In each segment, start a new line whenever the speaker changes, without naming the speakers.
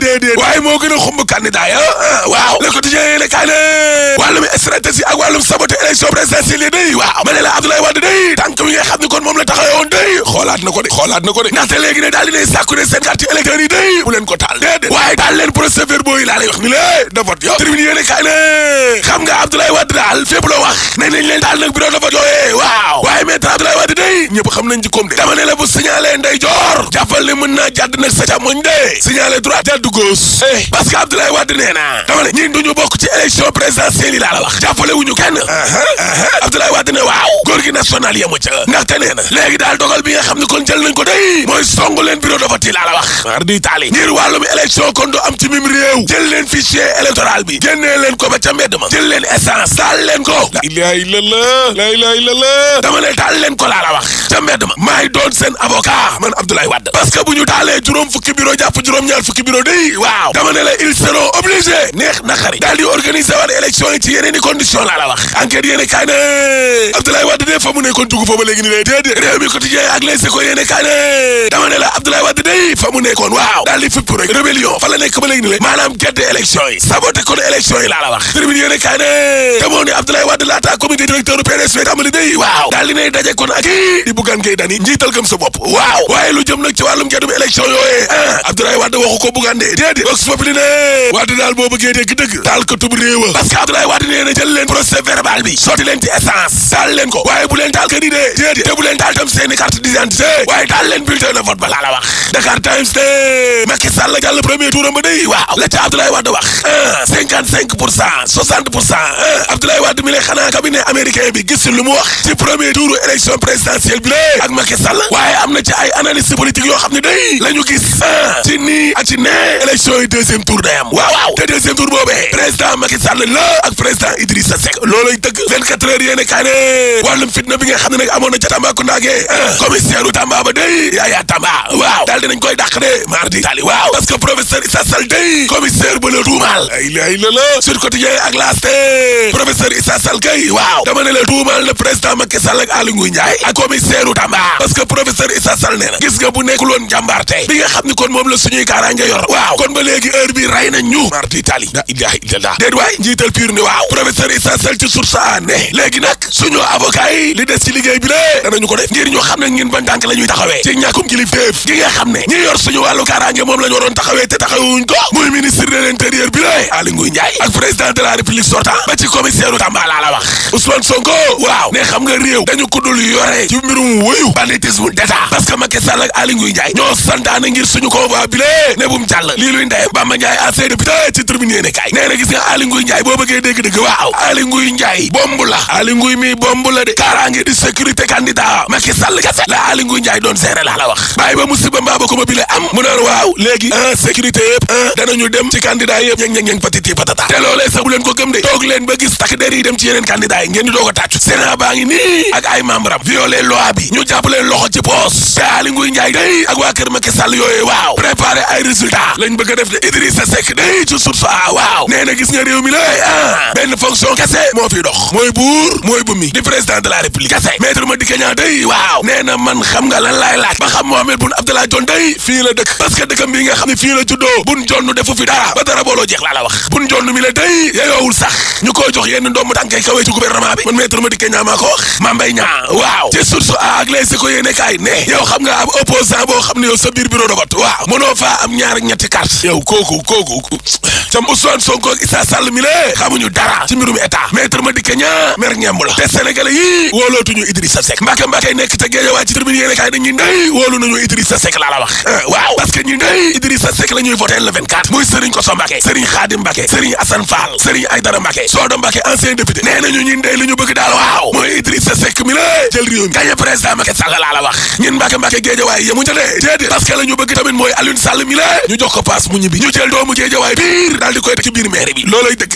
déedéet waaye moo gën a xumb candidat ya waaw le quotidien yéene kaay ne wàllum stratégie ak wàllum saboté élection présidentielle day waaw ma ne la Abdoulaye Wade day tànk wi nga xam ne kon moom la taxawoon day xoolaat na ko de xoolaat na ko de ndaxte léegi ne daal di ne ne seen carte électeur day bu ko taal déedéet waaye taal leen procès verbaux yi wax ni la de vote xam nga Abdoulaye Wade daal fépp la wax nañ leen daal nag bureau nag sa du gauche eh. parce que Abdoulaye Wade nee na dama ne ñun duñu bokk ci élection présidentielle yi laa la wax jàppale wuñu kenn uh-huh, uh-huh. Abdoulaye Wade ne waaw góor gi national yemu ca ndaxte nee na léegi daal dogal bi nga xam ne kon jël nañ ko day mooy song leen bureau de laa la wax ar di taali ngir wàllum élection kon du am ci mim réew jël leen fichier électoral bi génnee leen ko ba ca mbedd ma jël leen essence daal leen ko la ilaha illallah la dama ne daal leen ko day waaw dama ne la ils seront obligés neex na xari daal di organiser waat élection yi ci yeneen i condition laa la wax enquête yéene kaay ne Abdoulaye Wade de fa mu nekkoon dugg fa ba léegi ni lay déedéet réew mi quotidien ak les écoles yéene kaay ne dama ne la Abdoulaye Wade nekkoon waaw daal di fipp rek rébellion fa ba léegi ni maanaam gedd élection yi saboté kon élection yi laa la wax tribune yéene kaay ne demoon ni Abdoulaye laata comité directeur de déedéet vox populi ne Wade daal boo bëggee dégg tub réewa parce que Abdoulaye Wade nee na jël verbal bi sotti leen ci essence taal leen ko waaye bu leen taal kër yi de déedéet te bu leen taal tam seeni carte d'identité waaye taal leen Dakar Times de Macky Sall jàll premier tour am ba waaw la ca Abdoulaye Wade wax cinquante cinq pour cent soixante pour cent Abdoulaye Wade mi lay xanaa cabinet américain bi gis lu mu wax ci premier tour élection présidentielle bi lé ak Macky waaye am na ci ay analyste politique yoo xam ne day la ñu gis ci nii ak ci nee élection yi deuxième tour day am waaw waaw te deuxième tour boobee président Macky la ak président Idrissa Seck loolay dëgg vingt quatre heures na ca Tambacounda ge commissaire u ba day dinañ koy dàq de mardi tali waaw parce que professeur Issa Sall day commissaire ba la tuumaal ay laay u Tamba parce que gis nga bu nekkul woon bi nga xam ni kon moom la suñuy kaaraange yor waaw kon ba léegi heure bi ray nañ ñu mardi tali la ilaha illallah ni waaw professeur Issa ci source a léegi nag su avocat yi li des ci liggéey bi lé danañu ko def ngir ñu xam ne ngeen ba ndànk la ñuy taxawee ci ñàkkum kilifteef gi nga xam ne ñu yor suñu wàllu kaaraange moom la ñu taxawee te taxawuñ ko muy ministre de l'intérieur bi la Aly Ngouille Ndiaye ak président de la république sortant ba ci commissaire u la wax Ousmane Sonko waaw ne xam nga réew dañu ko yore ci mbirum wuyu banditisme d'état parce que Macky Sall ak Aly Ngouille ñoo santaane ngir suñu convoi bi ne bu mu jàll lii Bamba Ndiaye ancien député ci tribune yéene kaay nee na gis nga Aly Ngouille Ndiaye ba ko ba bile am mu naan waw léegi ah sécurité yëpp ah nañu dem ci candidat yëpp ñeng ñeng patiti patata té lolé sax bu len ko gëm dé tok len ba gis tak dér yi dem ci yeneen candidat yi ngeen di doog a sénat ba ngi ni ak ay membre am violé loi bi ñu japp len loxo ci poos te nguy ñay Ndiaye day ak wa kër Macky Sall yoyé waw préparé ay résultat lañ bëgg def de Idrissa Seck dé ci sur sa waw néna gis nga réew mi lé ah fonction kese mo fi dox moy bour moy bu mi di président de la république kese maître Madické kenya day waw néna man xam nga lan lay laaj ba xam Mohamed Boun Abdallah man day fii la dekk parce que dëkkam bi nga xamni fi la juddo buñ jonnu defu fi dara ba dara bolo jeex la la wax buñ jonnu mi la day yeyoowul sax ñu koy jox yenn ndomb tànkay kawee ci gouvernement bi man maître Madické Niang maa ko wax ma mbay ñaa waaw ci source a ak les ko yene kay ne yow xam nga am opposant bo xamni yow sa bir bureau do vote waaw mëno fa am ñaar ak ñetti carte yow koku koku tam Ousmane Sonko ak Issa Sall mi la xamuñu dara ci mbirum état maître Madické ñaa mer ñem la té sénégalais yi wóolootuñu Idrissa sek mbàkke mbàkke nek ta géejawaay ci tribune yéene kaay dañuy ndey wóolu nañu Idrissa sek la la wax euh, waaw parce que ñu ne Idrissa Seck la ñuy voté le 24 muy Serigne Kosso Mbacké Serigne Khadim Mbacké Serigne Assane Fall Serigne Aïdara Mbacké Sodo Mbacké ancien député nee nañu ñun de li bëgg daal waaw mooy Idrissa Seck mi la jël réew mi gañe président Macky Sall laa la wax ñun Mbacké Mbacké Guédiawaye yemu ca de déedéet parce que bëgg tamit mooy Aliou Sall mi ñu jox ko paas mu ñibbi ñu jël doomu Guédiawaye biir daal di koy teg ci biir maire bi loolay dëgg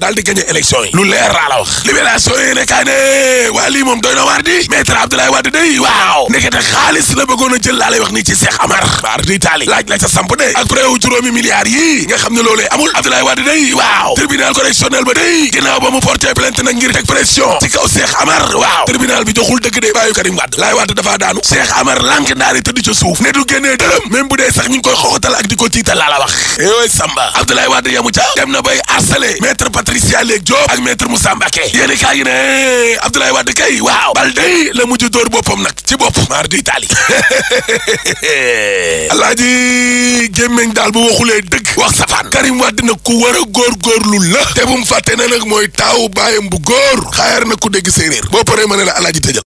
daal di gagné élection yi lu leer laa la wax libération yi nekkaa ne waa lii moom doy na waar di maître Abdoulaye Wade day waaw nekkete xaalis la bëggoon a jël laa wax nii ci Cheikh Amar baar taali laaj la ca samp de ak pré wu juróomi milliards yi nga xam ne loolee amul Abdoulaye Wade day waaw tribunal correctionnel ba day ginnaaw ba mu porté plainte nag ngir teg pression ci kaw Cheikh Amar waaw tribunal bi joxul dëgg day bàyyu Karim Wade laay Wade dafaa daanu Cheikh Amar lànk ndaari tëdd bu dee sax ko tiital laa la wax yooyu Samba Abdoulaye Wade yamu ca dem na bay harcelé maître Patricia Léeg Diop ak maître Moussa Mbacké yéeni kaa gi ne Abdoulaye Wade kay waaw bal day la mujj dóor boppam nag ci bopp maar di taali alaaji gémmeñ daal bu waxulee dëgg wax safaan Karim Wade nag ku war a góorgóorlu la te bu mu fàtte na nag mooy taaw baayam bu góor xaayar na ku dégg séeréer boo ma ne la la di tëjal